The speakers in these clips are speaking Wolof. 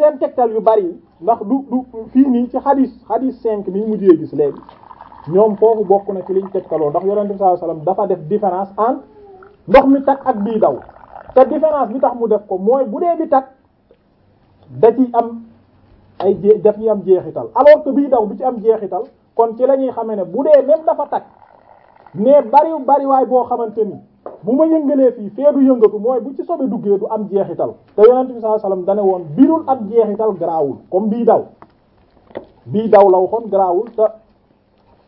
seen tegtal yu bari ndax du du fii nii ci xadis xadis cinq mi mujjee gis léegi ñoom foofu bokk na ci liñ tegtaloo ndax yonent bi sallallahu alayhi wasallam dafa def différence entre ndox mi takk ak bii daw te différence bi tax mu def ko mooy bu dee bi takk da ci am ay jé daf am jeexital alors que bii daw bi ci am jeexital kon ci la ñuy xamee ne bu dee même dafa takk mais bari bariwaay boo xamante ni bu ma yëngalee fii fee du yëngatu mooy bu ci sobe duggee du am jeexital te yonent bi sallallahu alayhi wasallam dane woon birul am jeexital garaawul comme bii daw bii daw la waxoon garaawul te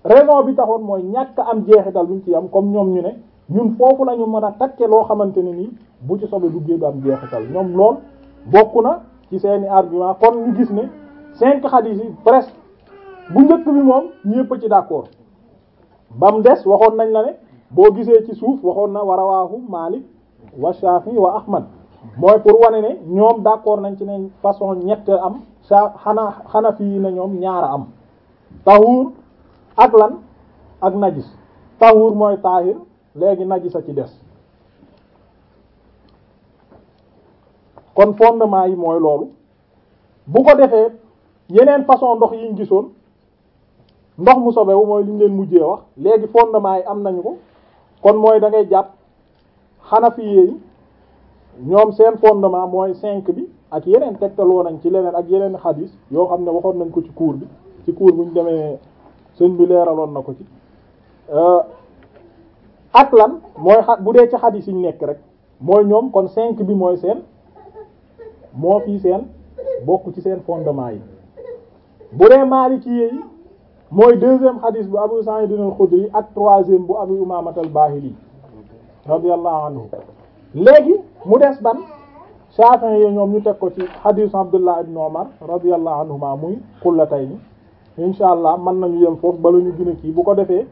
raison bi taxoon mooy ñàkk am jeexital buñ ci am comme ñoom ñu ne ñun foofu nañu ñu mën a takke loo xamante ne nii bu ci sobe duggee du am jeexital ñoom lool bokk na ci seeni argument kon ñu gis ne cinq hadith yi presque bu njëkk bi moom ñépp ci d'accord ba mu des waxoon nañ la ne boo gisee ci suuf waxoon na warawaahu Malik wa Shafi wa Ahmad mooy pour wane ne ñoom d'accord nañ ci ne façon ñett am sa xanaa xanafi yi ne ñoom ñaara am tahur ak lan ak najis tahur mooy taahir léegi najis a ci des kon fondement yi mooy loolu bu ko defee yeneen façon ndox yiñ gisoon ndox mu sobewu mooy li ñu leen mujjee wax léegi fondement yi am nañu ko kon mooy da ngay jàpp xanafi yi ñoom seen fondement mooy cinq bi ak yeneen tegtaloo nañ ci leneen ak yeneen xadis yoo xam ne waxoon nañ ko ci cours bi ci cours bu ñu demee sëñ bi leeraloon na ko ci euh, ak lan mooy xa bu dee ci xadis yi ñu nekk rek mooy ñoom kon cinq bi mooy seen moo fii seen bokk ci seen fondement yi bu dee Maliki yi mooy deuxième xadis bu Abu Sa'id al-Khudri ak troisième bu Abu Umamah al-Bahili radiyallahu anhu léegi mu des ban Shafi'i yi ñoom ñu teg ko ci xadisu Abdullah ibn Umar radiyallahu anhuma muy xullatayni insha allah mën nañu yem foofu bala ñu gën a bu ko defee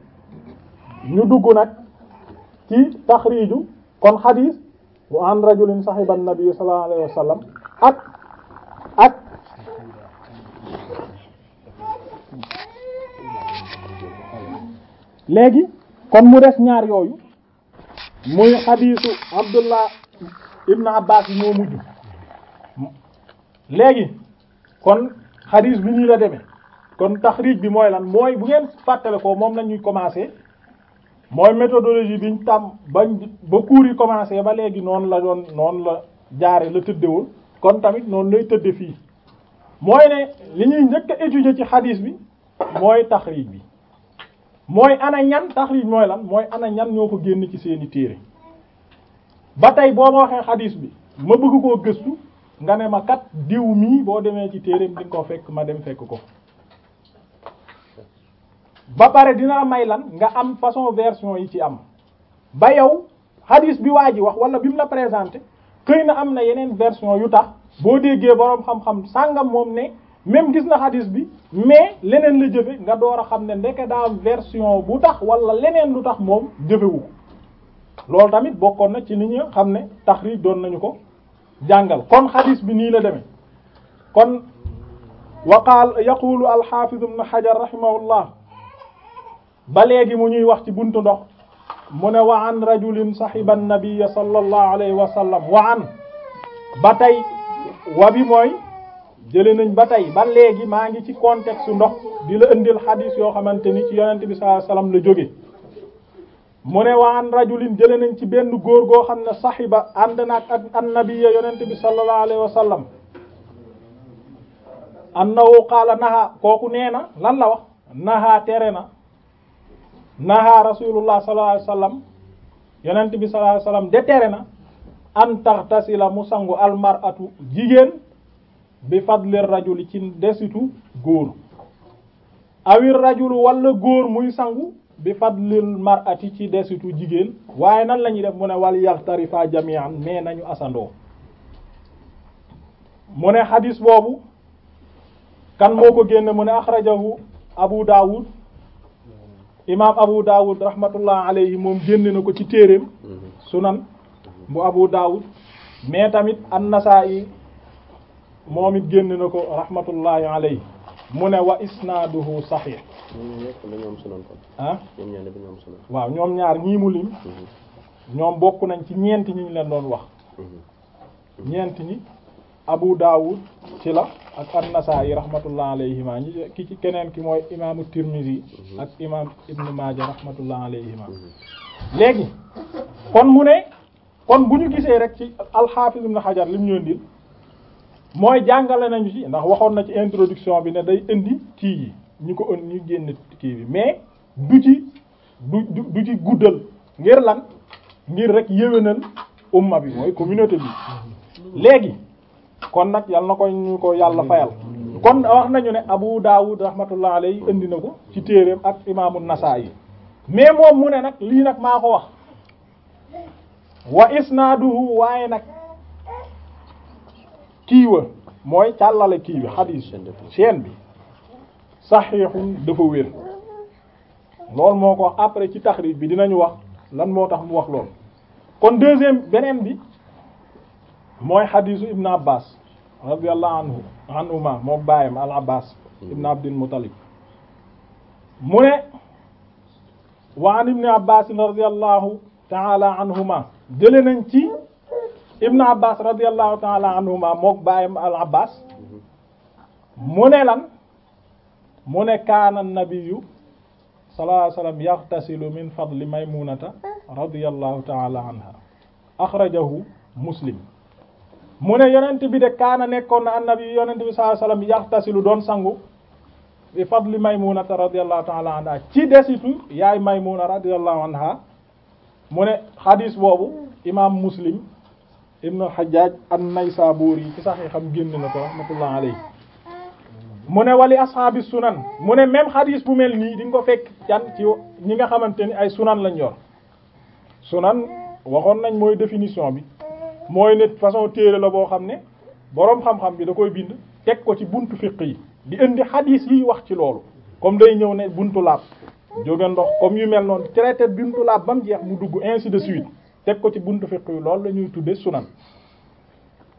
ñu dugg nag ci taxriiju kon xadis bu an rajulin sahiban nabi sallallahu alayhi wa ak léegi kon mu des ñaar yooyu muy xadiisu Abdullah ibn Abbas yi moo mujj léegi kon xadiis bi ñuy la demee kon tax taxriij bi mooy lan mooy bu ngeen fàttale ko moom la ñuy commencer mooy méthodologie biñ tam bañ ba cours yi commencé ba léegi noonu la doon noonu la jaare la tëddewul kon tamit noonu lay tëdde fii mooy ne li ñuy njëkk a ci xadiis bi mooy taxriij bi mooy ana ñan taxrij mooy lan mooy ana ñan ñoo ko génn ci seeni téere ba tey boo ma waxee xadiis bi ma bëgg koo gëstu nga ne ma kat diw mii boo demee ci téereem di nga ko fekk ma dem fekk ko ba pare dinaa may lan nga am façon version yi ci am ba yow xadiis bi waa ji wax wala bi mu la présenté këy na am na yeneen version yu tax boo déggee boroom xam-xam sàngam moom ne même gis na xadis bi mais leneen la jëfe nga door a xam ne ndeke daa am version bu tax walla leneen lu tax moom jëfewu ko loolu tamit bokkoon na ci ni ñu xam ne tax taxrij doon nañu ko jàngal kon xadis bi nii la demee kon wa qaal yaqulu alxafidu ibn xajar rahimahullah ba léegi mu ñuy wax ci buntu ndox mu ne wa an rajulin saxiba annabia sallallahu alayhi wa sallam wa an ba tey wa bi mooy jële nañ ba tey ba léegi maa ngi ci contexte ndox di la indil xadis yoo xamante ni ci yonent bi sallallahu alayhi wasallam la jóge mu ne waan rajulin jële nañ ci benn góor goo xam ne saxiba ànd naag ak annabiya yonent bi sallallahu alayhi wasallam annahu qaala naha kooku nee na lan la wax naha tere na naha rasulullah sallallahu alayhi wasallam yonent bi sallallahu alayhi wasallam de tere na an taxtasila mu sangu almaratu jigéen bi fadlir rajuli ci desitu góor awir rajulu wala góor muy sangu bi fadlil mar'ati ci desitu jigéen waaye nan la def mu ne wal yaxtarifa jami'an mais nañu asandoo mu ne xadis boobu kan moo ko génne mu ne axrajahu abu dawud imaam abu dawud rahmatullah alayhi moom génne na ko ci téereem mhm. sunan bu abu dawud mais tamit an-nasa'i moom it génn na ko rahmatullahi alayhi mu ne wa isnaaduhu sahih ah waaw ñoom ñaar ñii mu lim mhm. ñoom bokk nañ ci ñeenti ñi ñu leen doon wax mhm. Mhm. ñeenti ñi Abu Dawud ci la ak an-Nasa'i rahmatullah alayhima ñi ki ci keneen ki mooy imaamu Tirmizi ak imaam Ibn Maaja rahmatullah alayhima léegi kon mu ne kon bu ñu gisee rek ci al-Hafiz Ibn Hajar lim ñu mooy jàngale nañu ci ndax waxoon na ci introduction bi na day indi kii yi ñu ko ën ñu génn kii bi mais du ci du du ci guddal ngir lan ngir rek yéwénal umma bi mooy communauté bi léegi kon nag yal na ko ñu ko yàlla fayal kon wax nañu ne Abu Dawud rahmatullah alayhi indi na ko ci téereem ak imaamu Nasaa'i mais moom mu ne nag lii nag maa ko wax wa isnaaduhu waaye nag kiiwa mooy càllale kii bi xadiis chaîne bi saxiixun dafa wér loolu moo ko après ci taxrij bi dinañu wax lan moo tax mu wax lool kon deuxième beneen bi mooy xadiisu ibn abbas radiyallahu anhu anhuma moo bàyyam al abbas ibn abdil muttalib mu ne wa an ibn abbas radiyallahu ta'ala anhuma jële nañ ci ibnu abbas radiallahu taala anhuma mook baayam al abbas mhm. mu ne lan mu ne kaana nabiyu sallallahu alayhi wa sallam yaxtasilu min fadli maymunata radiallahu taala anha axrajahu muslim mu ne yonent bi de kaana nekkoon na annabi yonent bi sallallahu alayhi wa sallam yaxtasilu doon sangu bi fadli maymunata radiallahu taala anha ci desitu yaay maymuna radiallahu anha mu ne xadiis boobu imaam muslim ibnu nay an-Naysaburi ci xam génn na ko rahmatullah alayhi mu ne wali ashaabi sunan mu ne même xadis bu mel nii di nga ko fekk yan ci ñi nga xamante ni ay sunan lañ yor sunan waxoon nañ mooy définition bi mooy ne façon téere la boo xam ne boroom xam-xam bi da koy bind teg ko ci buntu fiq yi di indi xadis yiy wax ci loolu comme day ñëw ne buntu laab jóge ndox comme yu mel noonu traité buntu laab ba mu jeex mu dugg ainsi de suite teg ko ci buntu fiq yu loolu la ñuy tudde sunan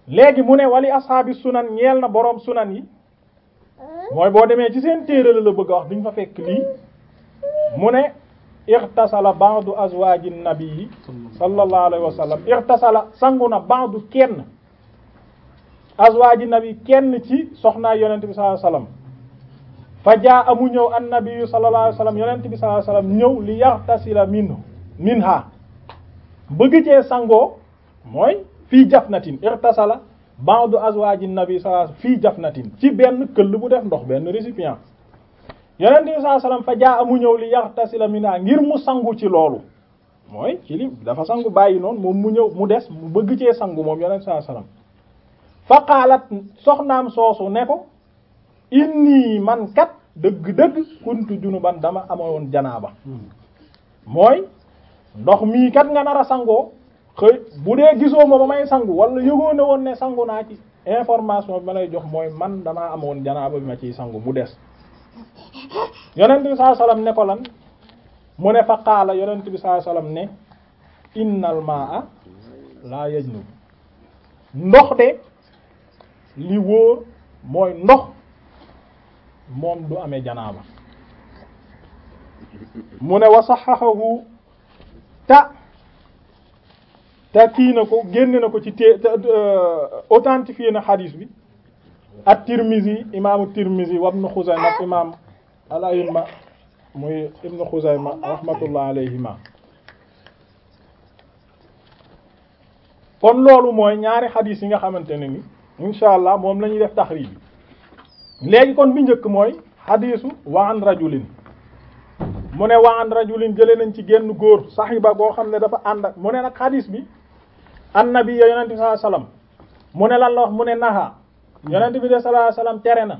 léegi mu ne wali ashaabi sunan ñeel na boroom sunan yi mooy boo demee ci seen téere la la bëgg a wax duñ fa fekk lii mu ne irtasala ba'du azwaaji nabii sallallahu alayhi wa sallam irtasala sangu na ba'du kenn azwaaji nabi kenn ci soxnaa yonent bi sallallahu alayhi wa sallam amu ñëw an nabi sallallahu alayhi wa sallam yonent bi sallallahu alayhi ñëw li yaxtasila minhu minha bëgg cee sangoo mooy fii jafnatin irtasala ba'du azwaaji nabi sallallahu alayhi wasallam fii jafnatin ci benn këll bu def ndox benn récipient yonent bi sallallahu alayhi wasallam fa jaa amu ñëw li yaxtasila mina ngir mu sangu ci loolu mooy ci dafa sangu bàyyi noonu moom mu ñëw mu des mu bëgg cee sangu moom yonent sallallahu alayhi fa qaalat soxnaam soosu ne ko inni man kat dëgg-dëgg kuntu junuban dama amoon janaaba hmm. mooy ndox mii kat nga nar a sangoo xëy bu dee gisoo ma ba may sangu wala yëgoo woon ne sangu naa ci information bi ma lay jox mooy man damaa amoon janaaba bi ma ciy sangu mu des yonent bi sallallahu alayhi wasallam ne ko lan mu ne fa qaala yonent bi sallallahu alayhi ne innal maa laa yajnub ndox de li wóor mooy ndox moom du amee janaaba mu ne wa saxaxahu ta te kii na ko génne na ko ci té euh, authentifié na xadis bi ak Tirmizi imaamu Tirmizi wa Ibnu Xuzayma ak imaam al ayimma muy Ibnu Xuzayma rahmatullah alayhima kon loolu mooy ñaari xadis yi nga xamante ne ni incha allah moom la ñuy def taxriij yi léegi kon bi njëkk mooy xadisu wa an rajulin mu ne wa an rajulin jëlee nañ ci génn góor saxiba goo xam ne dafa ànd ak mu ne nag xadis bi annabi ya yonente bi sallallahu alayhi mu ne lan la wax mu ne naha yonente bi de alayhi wasallam tere na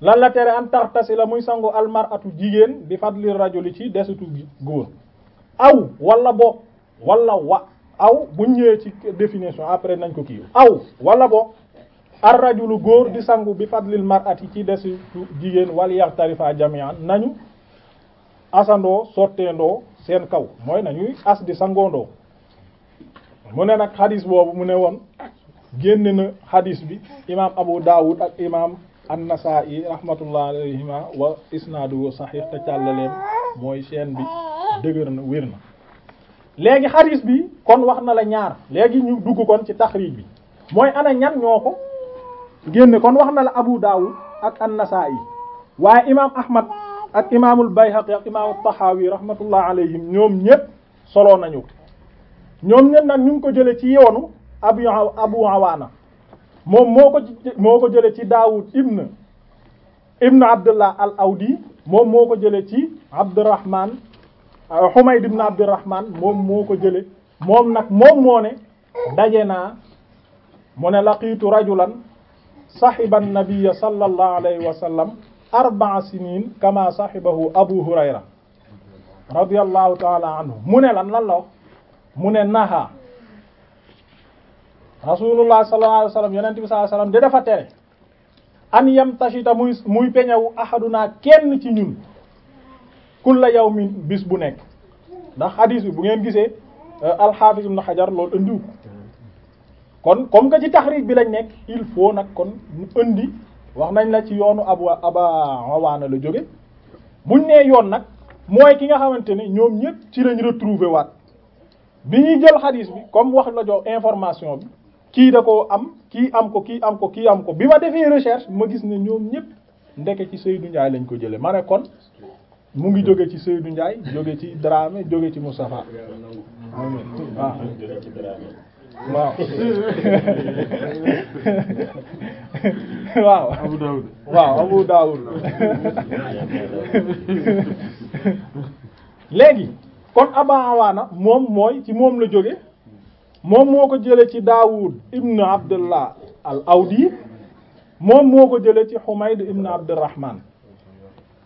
lan la tere an la muy sangu almaratu jigéen bi fadli rajuli ci desitu góor aw wala bo wala wa aw buñ ñëwee ci définition après nañ ko kii aw wala bo ar rajulu góor di sangu bi fadlil yi ci desitu jigéen wal yaxtarifa jami'an nañu asandoo sotteendoo seen kaw mooy nañuy as di sangoondoo mu ne nag xadis boobu mu ne woon génn na xadis bi imaam Abu Dawud ak imaam An-Nasa'i rahmatullah alayhima wa isnaaduhu sahih te càllaleem mooy chaîne bi dëgër na wér na léegi xadis bi kon wax na la ñaar léegi ñu dugg kon ci taxriij bi mooy ana ñan ñoo ko génne kon wax na la Abu Dawud ak An-Nasa'i waaye imaam Ahmad ak imaamul Bayhaqi ak imaamul Taxaawi rahmatullah alayhim ñoom ñëpp solo nañu ñoom ñëpp nag ñu ngi ko jëlee ci yoonu Abu Abu Awaana moom moo ko moo ko jëlee ci Daawud ibn ibn Abdullah al Awdi moom moo ko jëlee ci Abdurrahman euh, Humayd ibn Abdurrahman moom moo ko jëlee moom nag moom moo ne daje naa mu ne laqiitu rajulan sahiba an-nabiyya sallallahu alayhi wa sallam arba sinin kama sahibahu abu hurayra radiallahu taala anhu mu ne lan lan la wax mu ne naha rasulullah sallallahu alayhi wa sallam yonent bi sallallahu alayhi wa sallam da dafa tere an yam tashita muy peñawu ahaduna kenn ci ñun kulla yawmin bis bu nekk ndax hadis bu ngeen gisee euh, alxaafis ibn xajar loolu andiwu kon comme que ci taxriij bi lañ nekk il faut nag kon mu indi wax nañ la ci yoonu abwa aba awaana la jóge buñ ne yoon nag mooy ki nga xamante ne ñoom ñépp ci lañ retrouver waat bi ñuy jël xadiis bi comme wax la jox information bi kii da ko am kii am ko kii am ko kii am ko bi ma defee recherche ma gis ne ñoom ñépp ndeke ci Seydou Ndiaye lañ ko jëlee ma kon mu ngi jóge ci Seydou Ndiaye jóge ci Dramé jóge ci Moustapha waaw waaw waaw Abu Dawud waaw Abu Dawud léegi kon Aba Awaana moom mooy ci moom la jóge moom moo ko jële ci Daawud ibn Abdullah al Awdi moom moo ko jële ci Humayd ibn Abdurrahman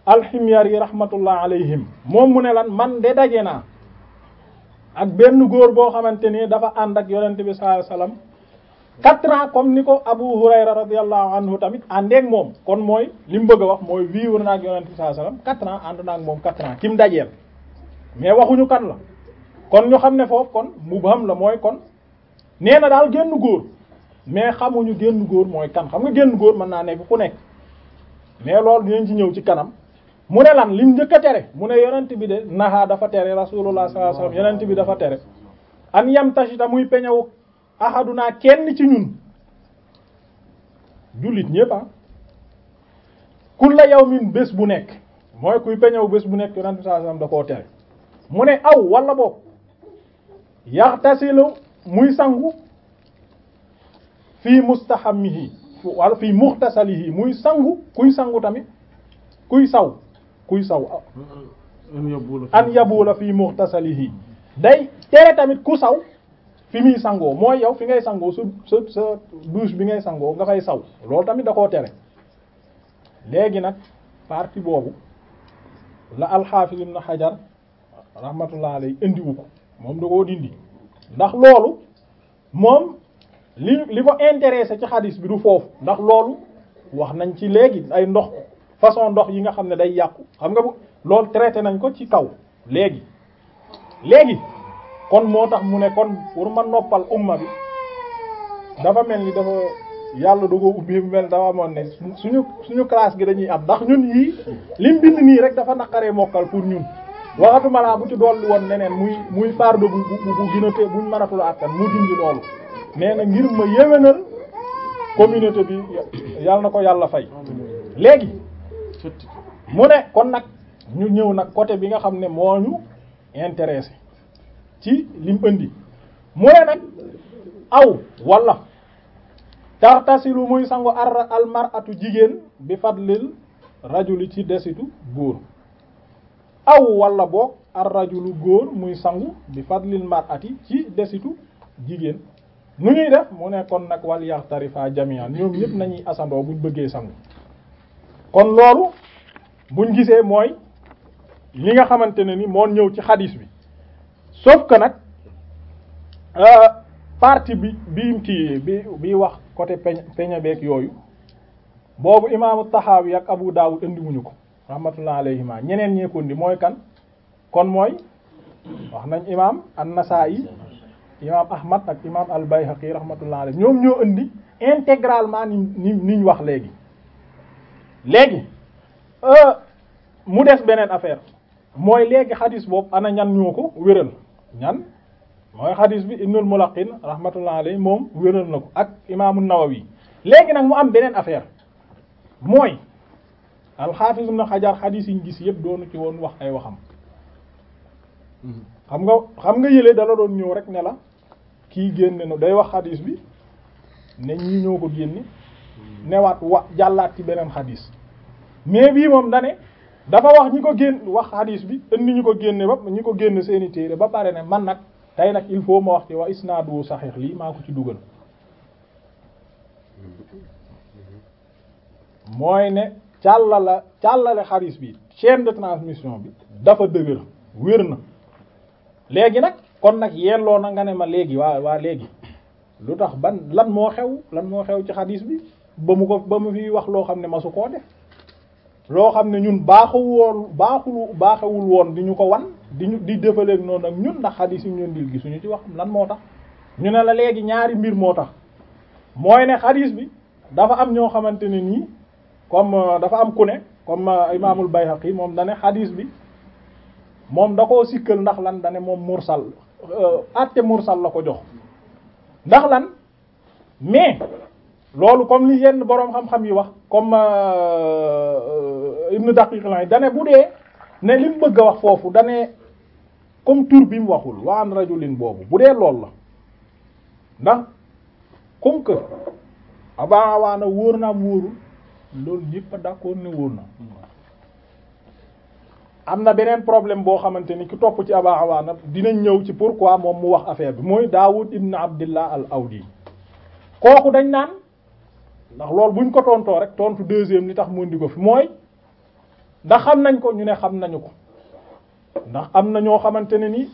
alximyari rahmatullah alayhim moom mu ne lan man de daje naa ak benn góor boo xamante ni dafa ànd ak yonent bi sallallahu alayhi quatre ans comme ni ko Abu Hurayra radiyallahu anhu tamit àndeeg moom kon mooy li mu bëgg wax mooy vivre na ak yonent bi sallallahu alayhi wasallam quatre ans ànd na ak moom quatre ans ki mu dajeel mais waxuñu kan la kon ñu xam ne foofu kon mubham la mooy kon nee na daal génn góor mais xamuñu génn góor mooy kan xam nga génn góor mën naa nekk ku nekk mais loolu dinañ ci ñëw ci kanam mu ne lan lim njëkk a tere mu ne yonent bi de naha dafa tere rasulullah sallallahu alayhi wasallam yonent bi dafa tere an yam tashita muy peñawu ahaduna kenn ci ñun jullit ñëpp ah kulla yawmin bés bu nekk mooy kuy peñaw bés bu nekk yonent bi sallallahu alayhi da koo tere mu ne aw wala boog yaxtasilu muy sangu fii mustahamihi wala fii muxtasalihi muy sangu kuy sangu tamit kuy saw kuy saw an yabula fii muxtasalihi day tere tamit ku saw fi muy sangoo mooy yow fi ngay sangoo su sa sa douche bi ngay sangoo nga koy saw loolu tamit da koo tere léegi nag partie boobu la alxaafis ibn xajar rahmatullah alay indiwu ko moom da koo dindi ndax loolu moom li li ko intéressé ci xadis bi du foofu ndax loolu wax nañ ci léegi ay ndox façon ndox yi nga xam ne day yàqu xam nga bu loolu traité nañ ko ci kaw léegi léegi kon moo tax mu ne kon pour ma noppal umma bi dafa mel ni dafa yàlla du ko ubbi mel dafa amoon ne suñu suñu classe gi dañuy am ndax ñun yii lim bind nii rek dafa naqaree mokkal pour ñun waxatuma laa bu ci dolli woon meneen muy muy fardo bu bu bu gën a te buñ maratul mu dindi loolu nee nag ngir ma yéwénal communauté bi yàlla na ko yàlla fay léegi mu ne kon nag ñu ñëw nag côté bi nga xam ne moo ñu intéressé ci lim indi mu ne nag aw wala tartasilu muy sangu ar almaratu jigéen bi fadlil rajuli ci desitu góor aw wala boog ar rajulu góor muy sangu bi fadlil marati ci desitu jigéen nu ñuy def mu ne kon nag wal yaxtarifa jamian ñoom ñëpp nañuy asandoo buñ bëggee sangu kon loolu buñ gisee mooy li nga xamante ne ni moo ñëw ci xadis bi sauf que nag euh, partie bi biim kii bi bi wax côté peñ peña beeg yooyu boobu imaamu Taxaawi ak Abu Daawud indiwuñu ko rahmatullah alayhima ñeneen ñee ko indi mooy kan kon mooy wax nañ imaam an-Nasaa'i imaam Ahmad ak imaam al-Bayhaqi rahmatullah alayhi ñoom ñoo indi intégralement ni niñ wax léegi léegi euh, mu des beneen affaire mooy léegi xadis boobu ana ñan ñoo ko wéral ñan mooy xadis bi Ibnul Mulaqin rahmatullah alayhi moom wéral na ko ak imaamu wi léegi nag mu am beneen affaire mooy alxaafis Ibn Hajar xadis yi gis yëpp doonu ci woon wax ay waxam mm-hmm. xam nga xam nga yëlee dala doon ñëw rek ne la kii génne na day wax xadis bi ne ñii ñoo ko génne mm-hmm. newaat wa jàllaat ci beneen xadis mais bii moom dane dafa wax ñi ko génn wax hadis bi indi ñu ko génne ba ñi ko génn seeni téere ba pare ne man nag tey nag il faut ma wax ci wa isnaadu saxiix lii maa ko ci dugal mooy ne càllala càllale hadis bi chaîne de transmission bi dafa dëgër wér na léegi nag kon nag yelloo na nga ne ma léegi waa waa léegi lu tax ban lan moo xew lan moo xew ci hadis bi ba mu ko ba mu fi wax loo xam ne masu koo def loo xam ne ñun baaxu woon baaxul baaxewul woon di ñu ko wan di ñu di defaleeg noonu ak ñun ndax xadis yi ñu leen dil gisuñu ci wax lan moo tax ñu ne la léegi ñaari mbir moo tax mooy ne xadis bi dafa am ñoo xamante ne nii comme euh, dafa am ku ne comme euh, imaamul Bayhaqi moom dane xadis bi moom da koo sikkal ndax lan dane moom mursal euh, àtte mursal la ko jox ndax lan mais loolu comme li yenn boroom xam-xam yi wax comme euh, Ibn Daqiq al-Id dane bu dee ne li mu bëgg a wax foofu dane comme tur bi mu waxul wa an rajulin boobu bu dee loolu la ndax comme que abaawaana wóor na am wóorul loolu ñëpp d'accord ne wóor na am na beneen problème boo xamante ni ki topp ci abaawaana dinañ ñëw ci pourquoi moom mu wax affaire bi mooy Daawud ibn Abdillah al-Awdi kooku dañ naan ndax loolu buñ ko tontoo rek tontu deuxième li tax mu indi ko fi mooy ndax xam nañ ko ñu ne xam nañu ko ndax am na ñoo xamante ne ni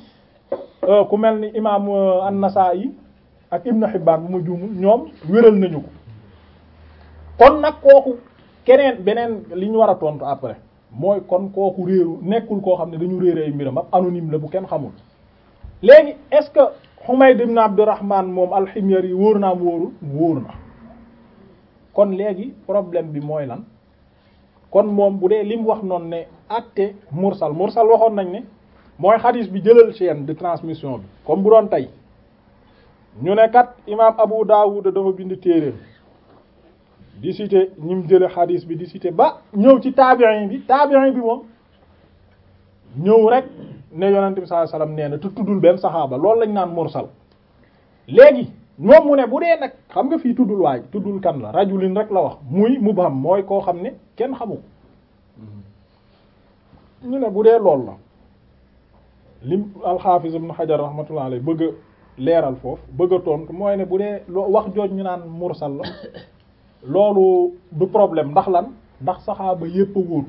euh, ku mel ni imaam euh, an yi ak Ibn Hibbaan bu ma jumul ñoom wéral nañu ko kon nag kooku keneen beneen li ñu war a tontu après mooy kon kooku réeru nekkul koo xam ne dañu réer ay mbiram ab anonyme la bu kenn xamul léegi est-ce que Humayd ibn Abdurrahman moom al yi wóor naa am wóorul wóor na kon léegi problème bi mooy lan kon moom bu dee li mu wax noon ne àtte mursal mursal waxoon nañ ne mooy xadis bi jëlal chaîne de transmission bi comme bu doon tey ñu ne kat imaam Abu Dawud dafa bind téeréem di cité ñi mu jële xadis bi di cité ba ñëw ci taabiin bi taabiin bi moom ñëw rek ne yonent bi sallallahu alayhi wasallam nee na te tuddul benn saxaaba loolu lañ naan mursal léegi moom mu ne bu dee nag xam nga fii tuddul waay tuddul kan la rajulin rek la wax muy mubham mooy koo xam ne kenn xamu ko mm-hmm. ñu ne bu dee lool la lim alxaafis ibn Hajar rahmatullah alayhi bëgg leeral foofu bëgg a tontu mooy ne bu dee wax jooj ñu naan mursal la loolu du problème ndax lan ndax saxaaba yépp a wóor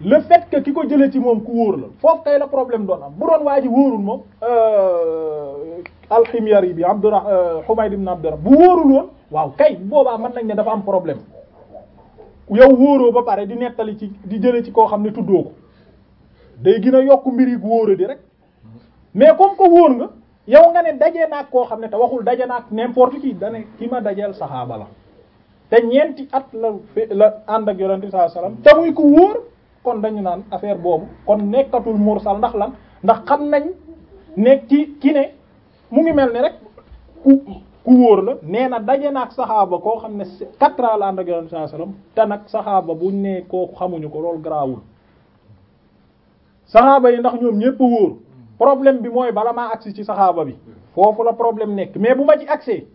le fait ki ko jëlee ci moom ku wóor la foofu kay la problème doon am bu doon waa ji wóorul moom euh, alximyari bi abdura euh, Humayd na abdura bu wóorul woon waaw kay boobaa mën nañ ne dafa am problème yow wóoroo ba pare di nettali ci di jële ci koo xam ne tuddoo ko day gën yokk mbir yi wóora rek mais comme que wóor nga yow nga ne dajee naag koo xam ne te waxul daje naag n'importe qui dane ki ma dajeel saxaaba la te ñeenti at la fe la ànd ak yonente sallallahu alayhi wasallam te muy ko wóor kon dañu naan affaire boobu kon nekkatul mursal ndax lan ndax xam nañ nekk mu ngi mel ni rek ku ku wóor la nee na daje na ak saxaaba koo xam ne quatre ans la ànd ak te nag saxaaba bu ne kooku xamuñu ko loolu garaawul saxaaba yi ndax ñoom ñépp wóor problème bi mooy bala maa agsi ci saxaaba bi foofu la problème nekk mais bu ma ci agsee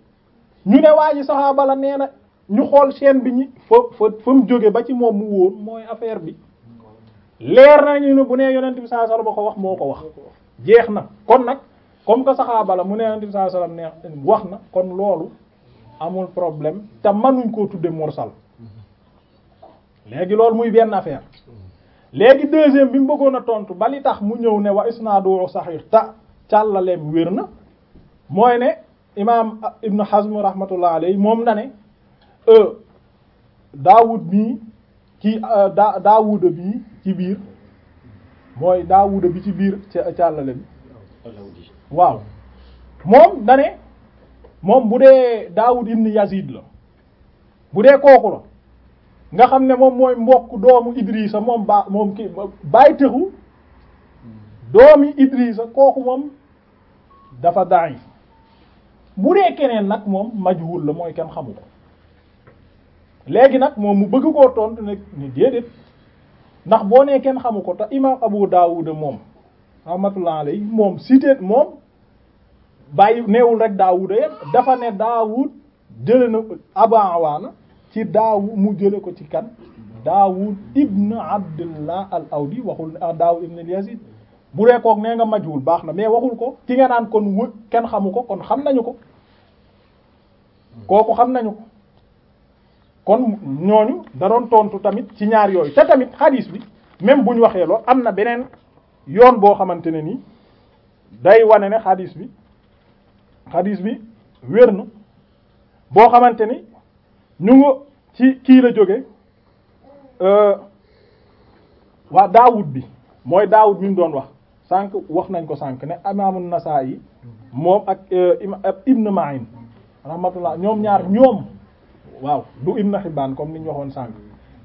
ñu ne waa saxaaba la nee na ñu xool chaîne bi ñi fa fa fa mu jóge ba ci moom mu wóor mooy affaire bi leer nañu ne bu ne yonent bi sallallahu alayhi ko wax moo ko wax jeex na kon nag comme que saxaa bala mu ne yonent bi wax na kon loolu amul problème te mënuñ koo tudde mursal léegi loolu muy benn affaire léegi deuxième bi mu bëggoon a tontu ba li tax mu ñëw ne wa isnaaduhu sahih ta càllaleem wér na mooy ne imaam Ibn Hazm rahmatullah alayhi moom na ne e, Daawud bii ci e, da Daawuda bii ci biir mooy Daawuda bi ci biir ca càllale bi waaw moom dane moom bu dee Daawud ibn Yazid la bu dee kooku la nga xam ne moom mooy mbokk doomu idri Idrissa moom ba moom kii bàyyi tëxu doomi Idrissa kooku moom dafa daay bu dee keneen nag moom majhul la mooy kenn xamu ko léegi nag moom mu bëgg koo tontu ne ni déedéet ndax boo nee kenn xamu ko te imam Abu Daawud moom rahmatullah alayhi moom siiteet moom bàyyi neewul rek daawuda yëpp dafa ne daawud jële na aba awaana ci daawud mu jële ko ci kan daawud ibn abdullah al awdi waxul ah, daawud ibn yazid bu dee koog nee nga majwul baax na mais waxul ko ki nga naan kon wë kenn xamu ko kon xam nañu ko kooku xam nañu ko kon ñooñu da doon tontu tamit ci ñaar yooyu te tamit xadiis bi même bu ñu waxee lool am na beneen yoon boo xamante ne nii day wane ne xadiis bi xadiis bi wér na boo xamante ni ñu nga ci kii la jóge euh, waa daawut bi mooy daawut bi mu doon wax sànq wax nañ ko sànq ne imaamu yi moom euh, ak Ibn Ma'in rahmatullah ñoom ñaar ñoom waaw du Ibn Hibbaan comme ni ñu waxoon sànq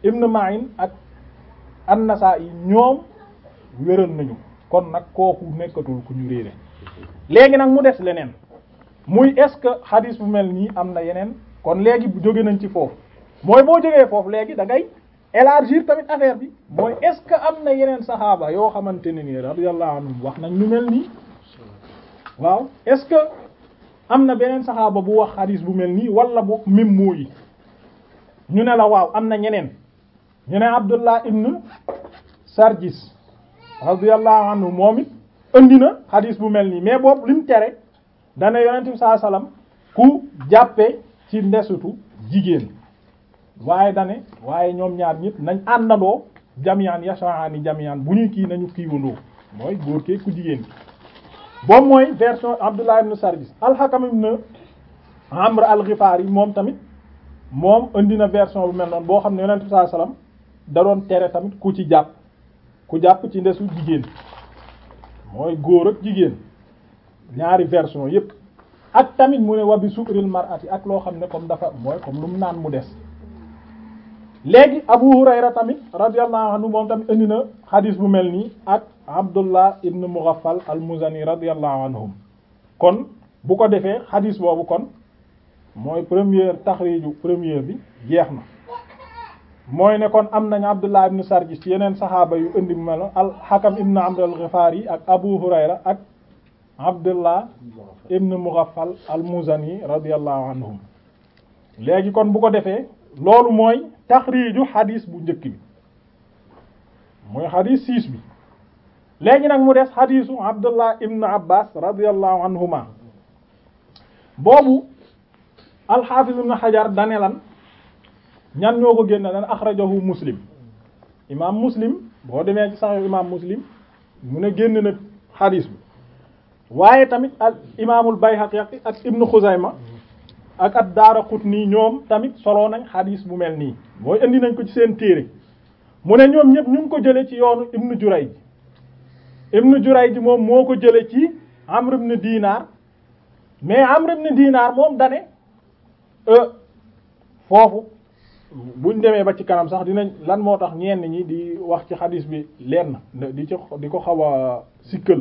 Ibn Ma'in ak an yi ñoom wéral nañu kon nag kooku nekkatul ku ñu réere léegi nag mu des leneen muy est-ce que xadis bu mel nii am na yeneen kon léegi jóge nañ ci foofu mooy boo jógee foofu léegi da ngay élargir tamit affaire bi mooy est-ce que am na yeneen saxaaba yoo xamante ne nii radiyallahu anhum wax nañ lu mel nii waaw est-ce que am na beneen saxaaba bu wax xadis bu mel nii wala bu mim yi ñu ne la waaw am na ñeneen ñu ne Abdullah ibn Sarjis radiyallahu anhu moom it indi na xadis bu mel nii mais boobu lim tere dana yonent bi saa salaam ku jàppe ci ndesutu jigéen waaye dane waaye ñoom ñaar ñëpp nañ àndandoo jamiyaan yashaani jamiyaan bu ñuy kii nañu kiiwandoo mooy góor kee ku jigéen ki boobu mooy version Abdullah ibn Sarbis al-Hakam ibn Amr al-Ghifari moom tamit moom indi na version bu mel noonu boo xam ne yonent bi saa da doon tere tamit ku ci jàpp ku jàpp ci ndesu jigéen mooy góor ak jigéen ñaari version yépp ak tamit mu ne wabi su'ril mar'ati ak loo xam ne comme dafa mooy comme lu mu naan mu des léegi Abu Hurayra tamit radiyallahu anhu moom tamit indi na xadiis bu mel nii ak Abdullah ibn Mughaffal al-Muzani radiyallahu anhum kon bu ko defee xadiis boobu kon mooy première taxriiju premier bi jeex na mooy ne kon am nañu Abdullah ibn ci yeneen saxaaba yu indi melo al-Hakam ibn Amr al-Ghifari ak Abu Hurayra ak abdullah ibn mughaffal al muzani radiallahu anhum léegi kon bu ko defee loolu mooy taxriiju xadiis bu njëkk bi mooy xadiis six bi léegi nag mu des xadiisu abdullah ibn abbas radiallahu anhuma boobu alxaafiz ibn xajar dane lan ñan ñoo ko génne dan axrajahu muslim imaam muslim boo demee ci saxiix imaam muslim mu ne génn na xadiis bi waaye tamit al imaamul Bayhaqi ak Ibnu ma ak at ad nii ñoom tamit solo nañ xadiis bu mel nii mooy indi nañ ko ci seen téere mu ne ñoom ñëpp ñu ko jële ci yoonu Ibnu Jurayj Ibnu Jurayj moom moo ko jële ci Amr ibn Dinar mais Amr ibn Dinar moom dane euh, foofu buñ demee ba ci kanam sax dinañ lan moo tax ñenn ñi di wax ci xadiis bi lenn di ci di ko xaw a sikkal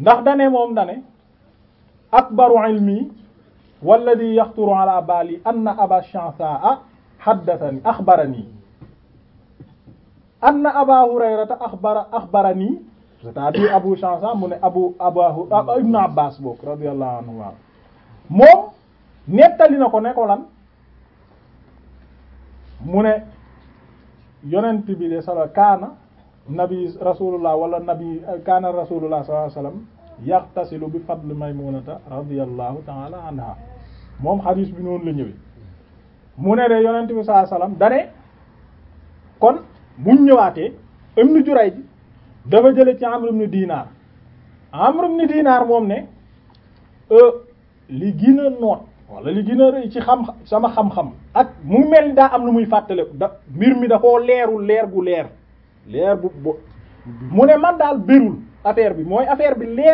ndax dane moom dane akbaru ilmi walladi yaxturu ala bali anna aba chansaa xaddatani axbarani anna aba hurayrata axbara axbarani c'est-à-dire mu ne abu abu ibnu abbas bokk radiyallahu anhu moom nettali na ko ne ko lan mu ne yonent bi de kaana nabi rasulullah wala nabi eh, kaana rasulullah sallallahu alayhi wa sallam yaxtasilu bi fadli maymunata radiyallahu taala anha moom xadiis bi noonu la ñëwee mu ne de yonent bi sallallahu alayhi wa sallam dane kon buñ ñëwaatee ibnu Jurayj dafa jële ci Amr ibn Dinaar Amr ibn Dinaar moom ne euh, li gën a noot wala li gën a rëy ci xam sama xam-xam ak mu mel daa am lu muy fàttale da mbir mi da koo leerul leer gu leer leer bu bo mu ne man daal bérul affaire bi mooy affaire bi leer